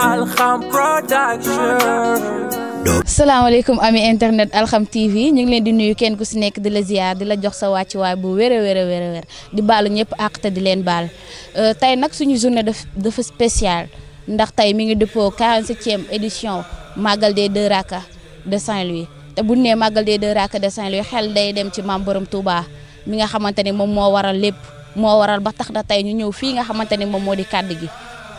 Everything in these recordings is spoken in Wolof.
Alham Production. alaikum ami internet Alham TV ñu ngi leen di nuyu kenn ku ci nekk di la ziar di la jox sa way bu wéré wéré wéré wéré di balu ñepp ak ta di leen euh tay nak suñu journée dafa spécial ndax tay mi ngi depo 47e édition Magal des Deux Raka de Saint-Louis té bu né Magal des Deux Raka de Saint-Louis xel day dem ci mam borom Touba mi nga xamante mom mo waral lepp mo waral ba tax da tay ñu ñew fi nga xamante mom modi kaddu gi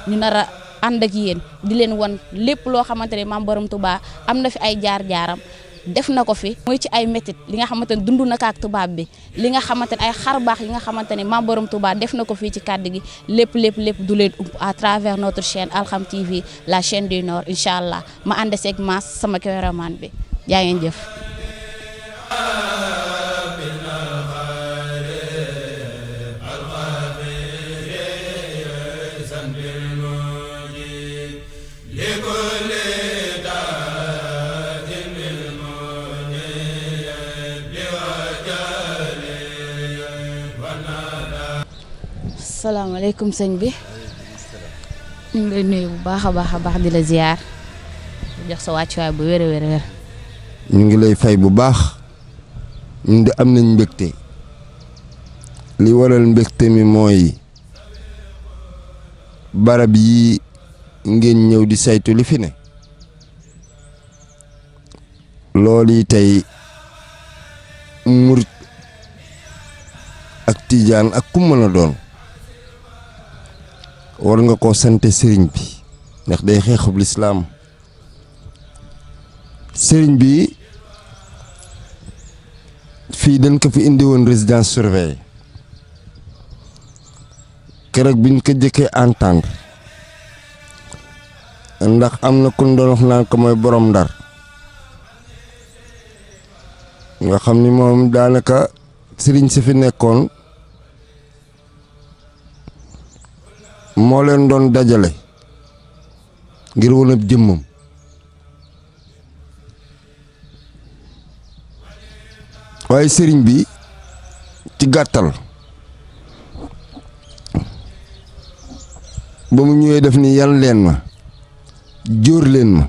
ñu nara ànd ak di leen wan lépp loo xamante ne maam borom Touba am na fi ay jaar-jaaram def na ko fi mooy ci ay métit li nga xamante ne dund na ko tubaab bi li nga xamante ay xar baax yi nga xamante ne maam borom Touba def na ko fii ci kàddu gi lépp lépp lépp du leen ump à travers notre chaîne Alxam TV la chaîne du Nord incha allah ma ànd seeg maas sama cameraman bi jaa ngeen jëf salaamaaleykum sëñ bi ñu ngi lay nuyu bu baax a baax a baax di la ziyaar ñu ngi lay fay bu baax ñun am nañ mbégte li waral mbégte mi mooy barab yi ngeen ñëw di saytu li fi ne loolu yi tey murit ak tiijaan ak ku mën a doon war nga koo sante sëriñ bi ndax day xeexub lislaam sëriñ bi fii dañ ko fi indi woon résidence surveillée keroog biñ ko jëkkee entendre ndax am na ku doon wax ko mooy boroom ndar nga xam ni moom daanaka sëriñ si fi nekkoon moo leen doon dajale ngir wonab jëmmam waaye sëriñ bi ci gàttal ba mu ñëwee def ni yan ma jóor leen ma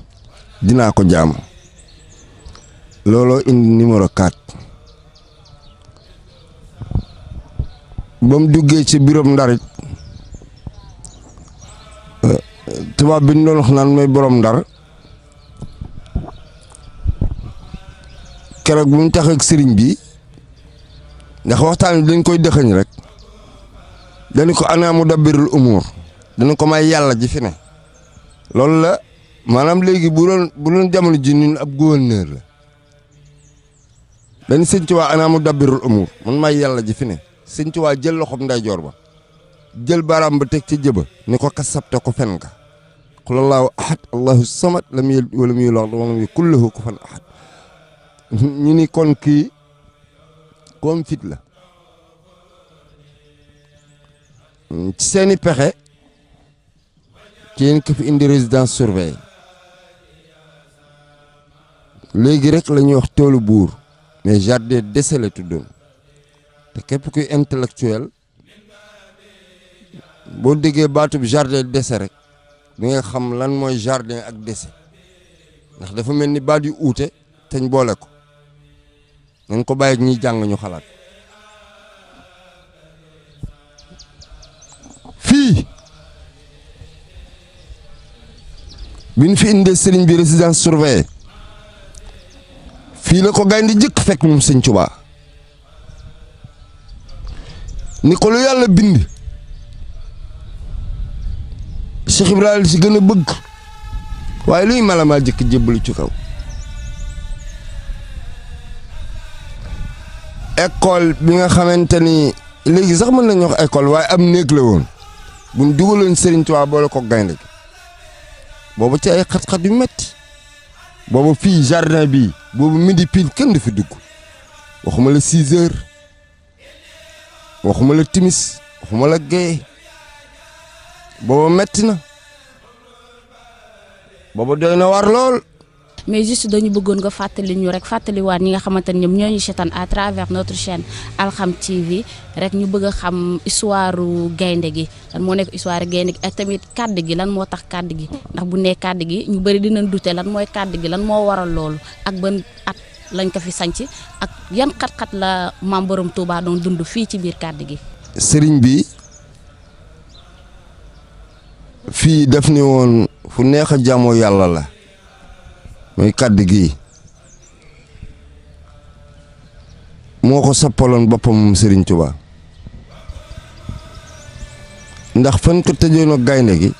dinaa ko jaamu looloo indi numéro 4 ba mu duggee ci biroom ndarit tubaab bi ñu doon wax naan mooy borom ndar keroog bu mu tax ak bi ndax waxtaan bi dañ koy dëxëñ rek dañu ko mu dabbirul umuur dañu ko may yàlla jifine fi loolu la maanaam léegi bu doon bu doon jamono ji ñun ab gouverneur la dañ sëñ ci waa anaamu dabbirul umuur man may yàlla ji fi ne sëñ ci waa jël loxoom ndeyjoor ba jël baaraam ba teg ci jëba ni ko kasabte ko fen nga qul allahu ahad allahu samad lam yalid wa lam yulad wa lam yakul lahu kufuwan ahad ñu ni kon kii koom fit la seeni pexe ci yéen ko fi indi résidence surveillée léegi rek la ñuy wax toolu buur mais jardin dese la tuddoon te képp kuy intellectuel boo déggee baatub jardin dese rek di nga xam lan mooy jardin ak dese ndax dafa mel ni baat yu uute teñ boole ko nañ ko bàyyi ñuy jàng ñu xalaat fii bi fi indee sëriñ bi résidence surveillée fii la ko gaynde jëkk fekk moom sëñ Tuubaa ni ko lu yàlla bind Cheikh Ibrahima ci gën a bëgg waaye luy malamaa jëkk jébbalu ci kaw école bi nga xamante ni léegi sax mën nañu wax école waaye am néeg la woon buñ dugaloon Serigne Touba boole ko gaynde boobu ci ay xat-xat yu metti boobu fii jardin bi boobu midi pile kenn du fi dugg waxuma la six heures waxuma la timis waxuma la gée booba metti na booba doy na war lool. mais juste dañu bëggoon nga fàttali ñu rek fàttaliwaat ñi nga xamante ne ñoom ñoo ñu setan à travers notre chaîne Alxam TV rek ñu bëgg a xam histoire gaynde gi lan moo nekk histoire gaynde gi ak tamit kàdd gi lan moo tax kàdd gi ndax bu ne kàdd gi ñu bari dinañ dute lan mooy kàdd gi lan moo waral loolu ak ban at lañ ko fi sanc ak yan xat-xat la maam borom Touba dund fii ci biir kàdd gi. sëriñ bi fii def ni woon fu neex a jaamoo yàlla la muy kàdd gi moo ko sappaloon boppam sëriñ Serigne ndax fan ko tëjoon gaynde gi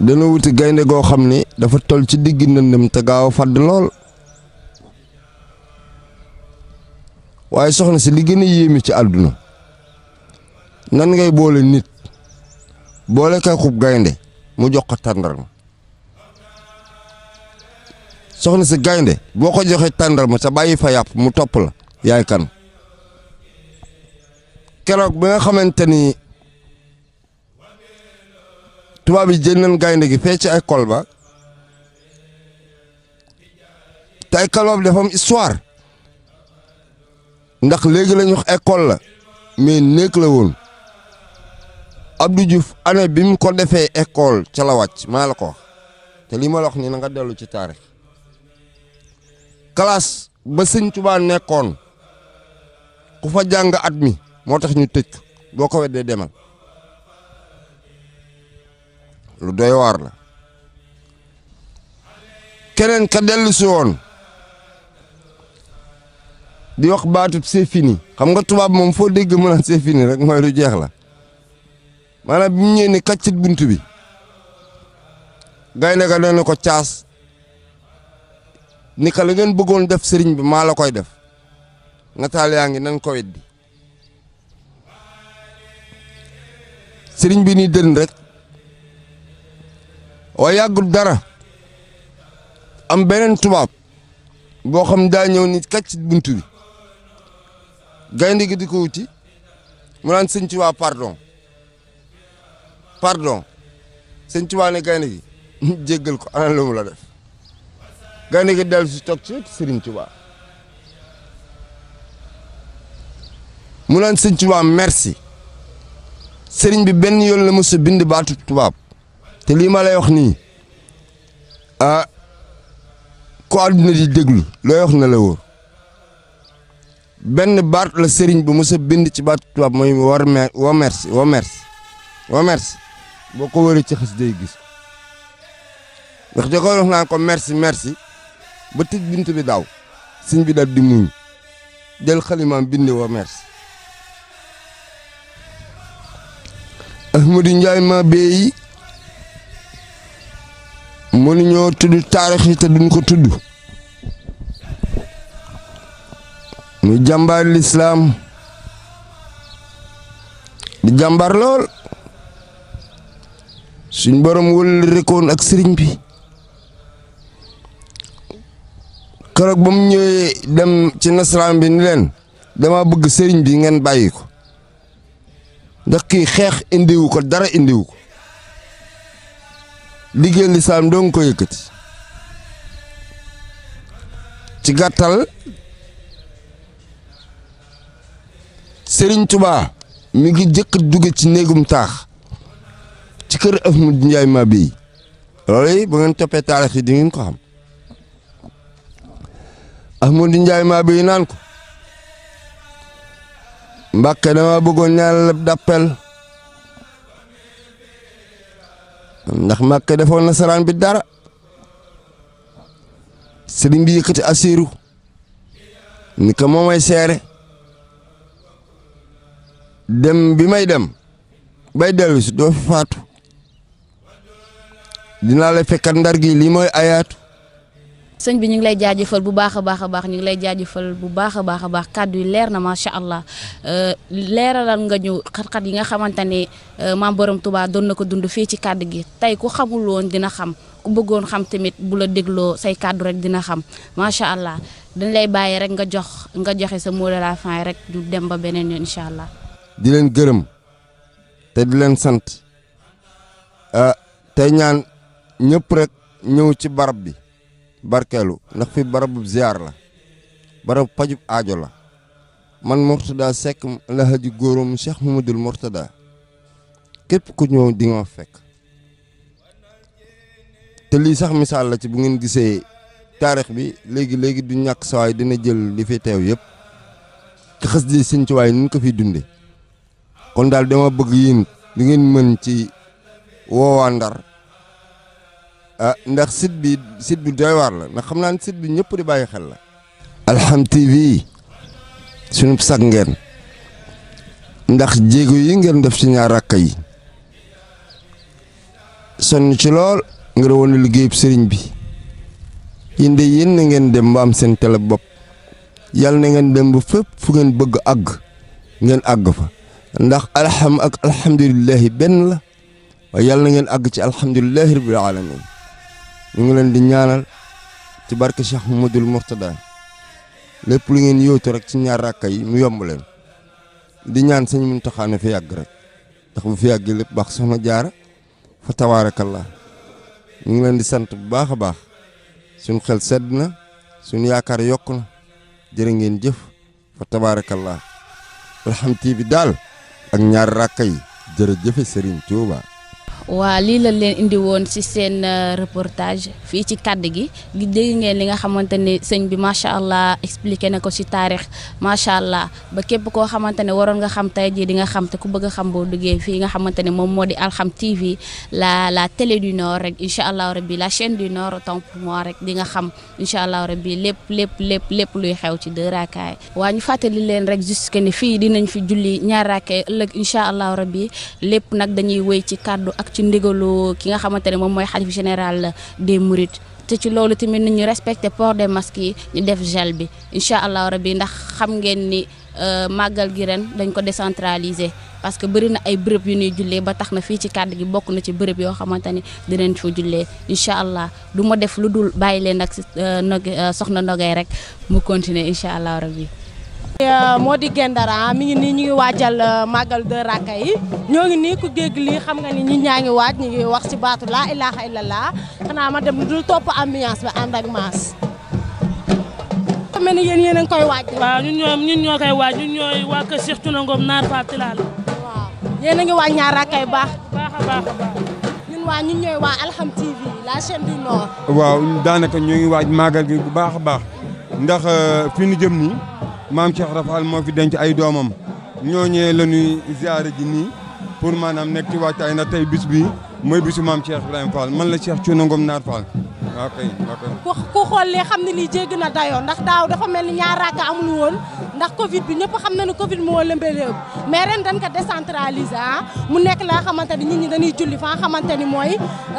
dana wuti gaynde goo xam ni dafa tol ci digg ndëndëm te gaaw a fàdd lool waaye soxna si li gën a yéeme ci àdduna nan ngay boole nit boole ka xub gaynde mu jox ko tàndarma soxna si gaynde boo ko joxee tàndarma sa bàyyi fa yàpp mu topp la yaay kan keroog bi nga xamante ni tubaab yi jël gaynde gi fee ci ay ba te ay kaloob dafa am histoire ndax léegi la ñu wax école la mais néeg la woon ab du Diouf année bi mu ko defee école ca la wàcc maa la ko wax te lii ma la wax nii nga dellu ci taarix classe ba sëñ Tuubaa nekkoon ku fa jàng at mi moo tax ñu tëj boo ko weddee demal lu doy waar la keneen ka dellu si woon di wax baatut c'est fini xam nga tubaab moom foo dégg mën a c'est fini rek mooy lu jeex la maanaam bi mu ñëwee ne kàccit bunt bi gaynde ga nee ko caas ni ka la bëggoon def sëriñ bi maa la koy def nga taal yaa ngi nan ko weddi sëriñ bi ni dën rek waaye yàggul dara am beneen tubaab boo xam daa ñëw ni kaccit bunt bi gaynde gi di ko wuti mu naan sëñ ci pardon pardon sëñ Tuubaa ne gaynde gi jéggal ko ana lu la def gaynde gi dellu si toog ci sëriñ Tuubaa mu naan sëñ Tuubaa merci sëriñ bi benn yoon la mos a bind baatu tubaab te lii ma lay wax nii ah ko àdduna di déglu looy wax na la wóor benn baat la sëriñ bi mos a bind ci baatu tubaab mooy wa merci wa merci wa merci boo ko wëree ci xas day gis ndax da koy naan ko merci merci ba tëj bint bi daaw sëñ bi dal di muñ jël xalimaam binde wa merci Ahmadou Ndiaye ma beeyi mënuñoo tudd taarix te duñ ko tudd muy jàmbaar lislaam di jàmbaar lool suñ borom wël rekoon ak sëriñ bi keroog ba mu ñëwee dem ci nasaraan bi ni leen dama bëgg sëriñ bi ngeen bàyyi ndax ki xeex indiwu ko dara indiwu ko liggéey lislaam doo nga ko yëkkati ci gàttal sëriñ Tuubaa mu ngi jëkk dugg ci néegum taax ci kër Ahmad Njaay maa bi loolu ba ngeen toppee taarix yi di ngeen ko xam Ahmad Njaay maa bi naan ko Mbàkke dama bëggoon ñaan la dàppel ndax Mbàkke defoon nasaraan bi dara sëriñ bi yëkkati asiru ni ko moo seere dem bi may dem bay dellu doo fi Dinale la fekkat ndar gi li moy ayatu señ bi ñu ngi lay jaajeufal bu baaxa baaxa baax ñu ngi lay jaajeufal bu baaxa baaxa baax kaddu leer na ma sha allah euh, leeralal nga ñu xat-xat yi nga xamantani euh, ma borom Touba doon nako dund fi ci kaddu gi tay ku xamul won dina xam ku bëggoon xam tamit bu la dégloo say kaddu rek dina xam sha allah dañ lay baye rek nga jox nga joxe sa mot de la fin rek du dem ba benen yoon insha allah. di len gërëm te di sante sant euh, tay ñaan. ñëpp rek ñëw ci barab bi barkeelu ndax fi barabu ziar la barab pajub aajo la man Mourtada Seck la haji góorum Cheikh Mamadul Mourtada képp ku ñëw di nga fekk te lii sax misaal la ci bu ngeen gisee taarix bi léegi léegi du ñàkk sawaay dina jël li fi teew yépp ci xas di sëñ nun ko fi dunde kon daal dama bëgg yéen li ngeen mën ci woowaa Ndar ah ndax site bi site bi doy war la ndax xam naa ne site bi ñepp di baye xel la. alham TV sunu sag ngeen ndax jéego yi ngeen def ci ñaar rakay son ci lol ngir woon liggey serigne bi inde yeen ngeen dem ba am sen tele bop yal na ngeen dem bu fepp fu ngeen bëgg ag ngeen ag fa ndax alham ak alhamdulilahi ben la wa yal na ngeen ag ci alhamdulilahi rabbil alamin ñu ngi leen di ñaanal ci barke Cheikh Mouhamadoul Mourtada lépp lu ngeen yóotu rek ci ñaar rakka yi mu yomb leen di ñaan sëñ Muntaxa na fi yàgg rek ndax bu fi yàggee lépp baax soxna jaara fa tabaarakallah ñu ngi leen di sant bu baax a baax suñ xel sedd na suñ yaakaar yokk na jërë ngeen jëf fa tabaarakallah alxamti bi daal ak ñaar rakka yi jërëjëfe Serigne Touba waa lii lañ leen indi woon ci seen euh, reportage fii ci kàdd gi gi dégg ngeen li nga xamante ne sëñ bi macha allah expliqué na ko ci taarix macha allah ba képp koo xamante ne waroon nga xam tey jii di nga xam te ku bëgg xam boo duggee fii nga xamante ne moom moo di Alxam TV la la télé du nord rek incha allah rabbi la chaîne du nord autant pour moi rek di nga xam incha allah rabbi lépp lépp lépp lépp luy xew ci deux raakaay waa ñu fàttali leen rek juste que ne fii dinañ fi julli ñaar raakaay ëllëg nekk ci ndigalu ki nga xamante ne moom mooy xalif général des mourides te ci loolu tamit nañu respecté port des masques yi ñu def gel bi incha allah rab rabi ndax xam ngeen ni euh, màggal gi ren dañ ko décentraliser parce que bëri na ay bërëb yu ñuy jullee ba tax na fii ci kàdd gi bokk na ci bërëb yoo xamante ni dinañ foo jullee incha allah du ma def lu dul bàyyi leen ak euh, euh, soxna Nogay rek mu continuer incha allah rabi. Euh, moo di Guet-Ndar mi ngi nii ñu ngi waajal euh, màggal de Raka yi ñoo ngi nii ku dégg lii xam nga ni ñi ñaa ngi waaj ñu ngi wax ci baatu laa ilaaha illallah xanaa ma dem dul topp ambiance ba ànd ak maas mel ni yéen yéen a ngi koy waaj waaw ñun ñoo waa kër yéen a ngi waaj ñaar Raka yu baax baax a waa ñooy waa Alxam TV la chaîne du Nord waaw daanaka ñoo ngi waaj màggal gi bu baax a baax ndax euh, fi ñu jëm nii maam Cheikh Rafal moo fi denc ay doomam ñooñee la ñuy ziare ji nii pour maanaam nekk ci ay na tey bis bi mooy bisu maam Cheikh Ibrahima Fall man la ceex Thiouna Ngom Naar Fall waaw kay waaw kay. ku xoolee xam ne nii jéggi na dayoo ndax daaw dafa mel ni ñaar raaka amul woon ndax Covid bi ñëpp xam na ne Covid moo lëmbee léegi mais ren dañ ko décentraliser ah mu nekk laa xamante ni nit ñi dañuy julli fa nga ni mooy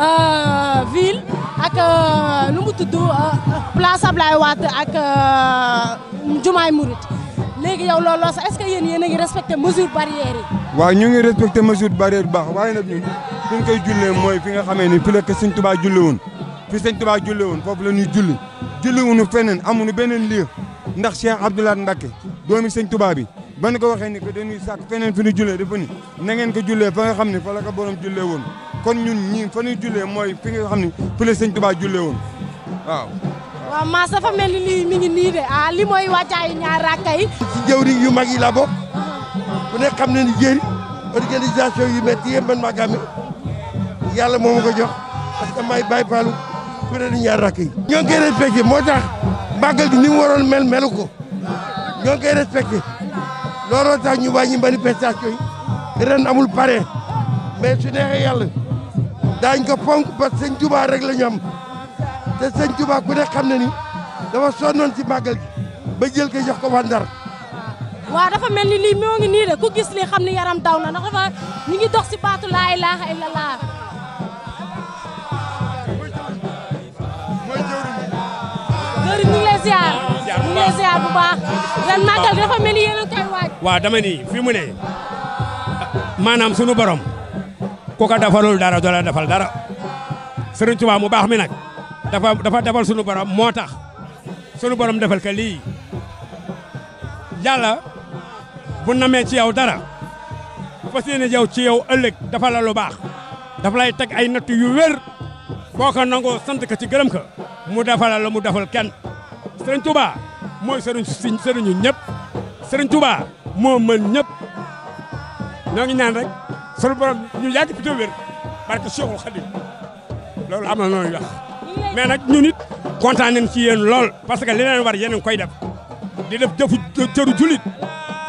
euh, ville ak lu euh, mu tudd euh, place Ablaye Wade ak. jumaay murit léegi yow loolu loo sax est que yéen yéen a ngi respecté mesure barrière yi. ñu ngi respecté mesure barrière bu baax waaye nag ñun fi ñu koy jullee mooy fi nga xamee ni fi la ko sëñ Tuubaa julli woon fi sëñ Tuubaa julli woon foofu la ñuy julli julli wuñu feneen amuñu beneen lieu ndax Cheikh Abdou Lahad Mbacké doomi sëñ Tuubaa bi ban ko waxee ni que dañuy sàkk feneen fi ñu jullee dafa ni na ngeen ko jullee fa nga xam ne fa la ko borom jullee woon kon ñun ñii fa ñuy mooy fi xam ne fi la sëñ Tuubaa woon waaw. waaw maas dafa mel ni lii mi ngi nii de ah li mooy ñaar rakka yi. ci yu mag yi laa bokk ku nekk xam na ni jëri organisation yu métti yëpp man maa gàmme yàlla moo ko jox parce que may bàyyi paalu ku ne ñaar rakk yi. ñoo ngi koy respecté moo tax màggal gi ni mu waroon mel melu ko ñoo ngi koy respecté looloo tax ñu wàññi manifestation yi ren amul pare mais su neexee yàlla daañ ko ponk parce que rek la am. te sëñ Touba ku ne ni dafa sonnoon ci màggal gi ba jël ko jox ko waa dafa mel ni lii moo ngi nii de ku gis lii ni yaram daw na ndax dafa ñu dox si baatu laa ilaaha illallah. jërëjëf ñu ngi lay ziar. ñu ngi bu baax ren màggal dafa mel ni yéen koy waaj. waaw dama ni fi mu ne maanaam sunu borom ku ko defalul dara doo la defal dara Serigne Touba mu baax mi nag. dafa dafa defal sunu borom moo tax sunu borom defal ko lii yàlla bu namee ci aw dara fas yéene yow ci yow ëllëg dafa la lu baax dafa lay teg ay natt yu wér boo ko nangoo sant ko ci gërëm ko mu defala la mu defal kenn sëriñ Touba mooy sëriñ si sëriñu ñëpp sëriñ Touba moo mën ñëpp ñoo gi ñaan rek sunu borom ñu yàgg fi te wér barke Cheikhul Khadim loolu am na nooy wax mais nag ñun it kontaan nañ ci yéen lool parce que li leen war yéen koy def di def jëfu jëru julit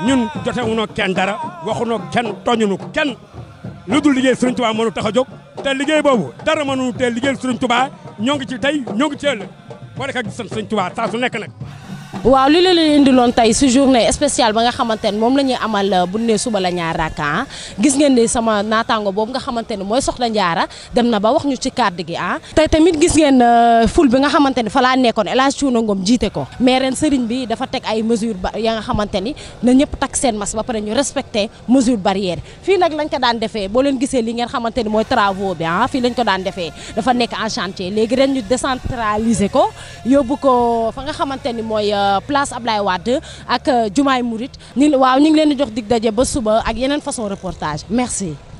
ñun jotewunoo kenn dara waxunoo kenn tooñunu kenn lu dul liggéey Serigne Touba mënu tax a jóg te liggéey boobu dara mënu te liggéey Serigne tubaa ñoo ngi ci tey ñoo ngi ci ëllëg boo dek ak sant Serigne Touba saa su nekk nag waaw li la leen indiloon tey si journée spéciale ba nga xamante ne moom la ñuy amal euh, bu ne suba la ñaar rakka ah. gis ngeen ni sama naataango boobu nga xamante ne mooy soxla njaara dem na ba wax ñu ci kàddu gi ah. tey tamit gis ngeen euh, ful bi nga xamante ne fa laa nekkoon El Hadj Thiouna jiite ko mais ren sëriñ bi dafa teg ay mesures ba ya nga xamante ni na ñëpp takk seen masque ba pare ñu respecté mesure barrière fii nag lañ ko daan defee boo leen gisee li ngeen xamante ni mooy travaux bi ah fii lañ ko daan defee dafa nekk en chantier léegi ren ñu décentraliser ko yóbbu ko fa nga xamante ni mooy euh, Euh, place Ablaye Wade ak Jumaay euh, Mouride ni waaw ñu ngi leen di jox dig dajé ba suba ak yenen façon reportage merci